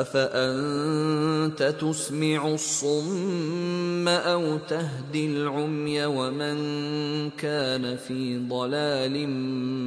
افانت تسمع الصم او تهدي العمي ومن كان في ضلال